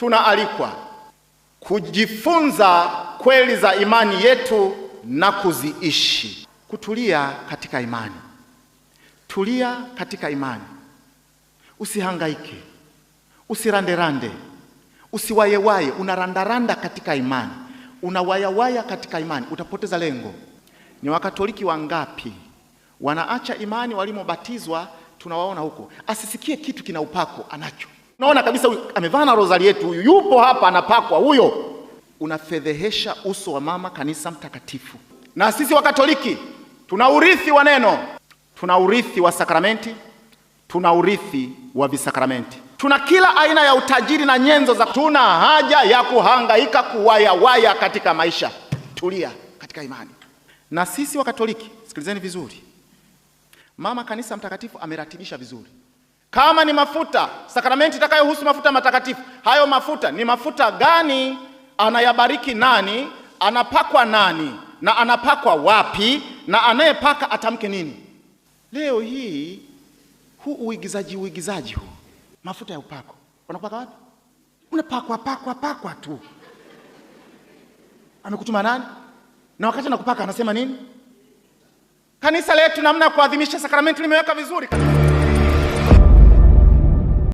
tunaalikwa kujifunza kweli za imani yetu na kuziishi, kutulia katika imani. Tulia katika imani, usihangaike, usiranderande, usiwayewaye. Unarandaranda katika imani, unawayawaya katika imani, utapoteza lengo. Ni Wakatoliki wangapi wanaacha imani walimobatizwa? Tunawaona huko, asisikie kitu kina upako anacho Unaona kabisa huyu amevaa na rozari yetu, huyu yupo hapa anapakwa, huyo unafedhehesha uso wa mama kanisa mtakatifu. Na sisi Wakatoliki tuna urithi wa neno, tuna urithi wa sakramenti, tuna urithi wa visakramenti, tuna kila aina ya utajiri na nyenzo za. Tuna haja ya kuhangaika kuwayawaya katika maisha. Tulia katika imani. Na sisi Wakatoliki, sikilizeni vizuri, mama kanisa mtakatifu ameratibisha vizuri. Kama ni mafuta, sakramenti itakayohusu mafuta matakatifu, hayo mafuta ni mafuta gani? Anayabariki nani? Anapakwa nani? Na anapakwa wapi? Na anayepaka atamke nini? Leo hii huu uigizaji uigizaji huu, mafuta ya upako unapaka wapi? Unapakwa pakwa pakwa tu. Amekutuma nani? Na wakati anakupaka anasema nini? Kanisa letu namna ya kuadhimisha sakramenti limeweka vizuri.